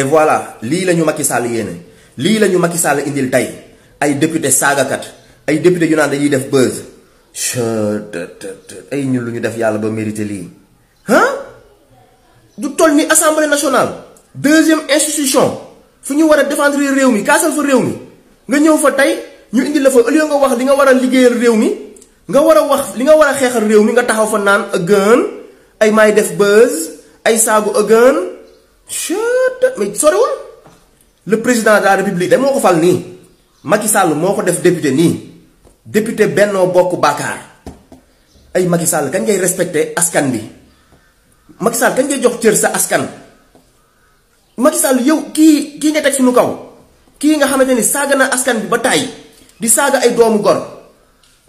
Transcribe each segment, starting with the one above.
et voilà lii la ñu Macky Sall yéene lii la ñu Macky Sall indil tey ay député saagakat ay député yu naan dañuy def buzz ay ñun lu ñu def yàlla ba mérité lii ah du toll ni assemblée nationale deuxième institution fu ñu war a défendre réew mi kaasal fa réew mi nga ñëw fa tey ñu indil la fa au lieu nga wax li nga war a liggéeyal réew mi nga war a wax li nga war a xeexal réew mi nga taxaw fa naan ëgën ay maay def buzz ay saagu ëgën chut mais soriwul le président de la république dem moko fal ni Macky Sall moko def député ni député Benno bokou Bakar. ay Macky Sall kan ngay respecter askan bi Macky Sall kan ngay jox sa askan Macky Sall yow ki ki nga tek suñu kaw ki nga xamanteni ni na askan bi ba tay di saga ay doomu gor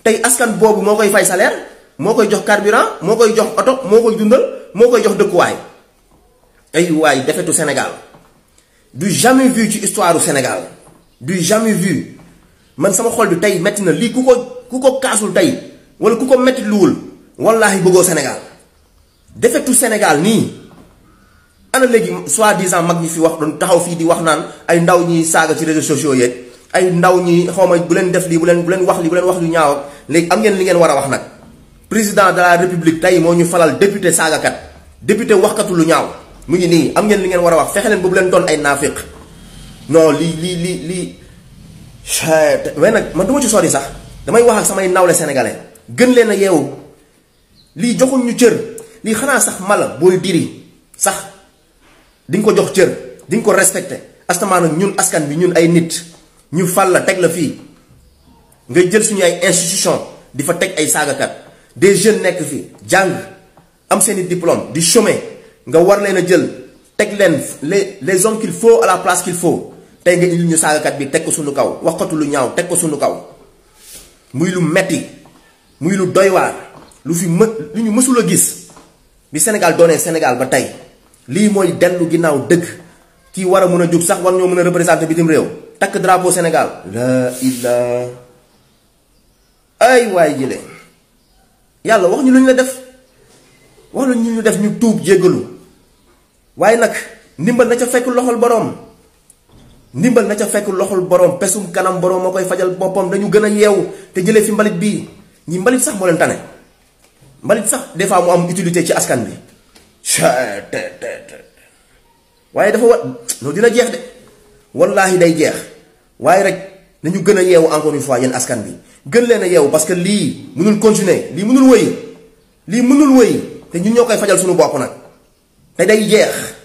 tay askan bobu mokoy fay salaire mokoy jox carburant mokoy jox auto mokoy dundal mokoy jox dekuway ay waay au Sénégal du jamais vu ci histoire du Sénégal du jamais vu man sama xol du tay métti na lii kuko ko ku ko wala kuko metti luul wallahi wallaahi bëggoo Sénégal defetu Sénégal ni. ana léegi soi-disant mag ñi fi wax doon taxaw fi di wax naan ay ndaw ñi saga ci réseaux sociaux yeeg ay ndaw ñi xaw bu len def li bu len bu len wax li bu len wax lu ñaaw léegi am ngeen li ngeen wara wax nak président de la république tay moo ñu falal député kat député waxkatu lu ñaaw. mu ngi nii am ngeen li ngeen war a wax fexe leen bu leen doon ay naafiq non lii lii lii lii waaye nag man du ma ci sori sax damay wax ak samay nawle sénégalais gën leen a yeewu lii joxuñ ñu cër lii xanaa sax mala booy diri sax di nga ko jox cër di nga ko respecté astamaan ak ñun askan bi ñun ay nit ñu fal la teg la fii nga jël suñu ay institution di fa teg ay saagakat des jeunes nekk fi jàng am seeni diplôme di chômer nga war leen a jël teg leen les les hommes qu'il faut à la place qu'il faut tey nga indil ñu saagakat bi teg ko sunu kaw waxatu lu ñaaw teg ko sunu kaw muy lu metti muy lu doy waar lu fi mën lu ñu mësul a gis bi Sénégal doonee Sénégal ba tey lii mooy dellu ginnaaw dëgg kii war a mën a jug sax war ñoo mën a représenté bitim réew takk drapeau Sénégal la illa ay waay jële yàlla wax ñu lu ñu la def wax ñu ñu def ñu tuub jéggalu waye nimbal nimbal na ca fekk loxol borom nimbal na ca fekk loxol borom pesum kanam borom makoy fajal bopom dañu gëna yew te jëlé fi mbalit bi ñi mbalit sax mo leen tané mbalit sax des fois mu am utilité ci askan bi waye dafa wa no dina jeex de wallahi day jeex waye rek nañu gëna yew encore une fois yeen askan bi gën leena yew parce que li mënul continuer li mënul wëy li mënul wëy te ñun ñokay fajal suñu bop nak te day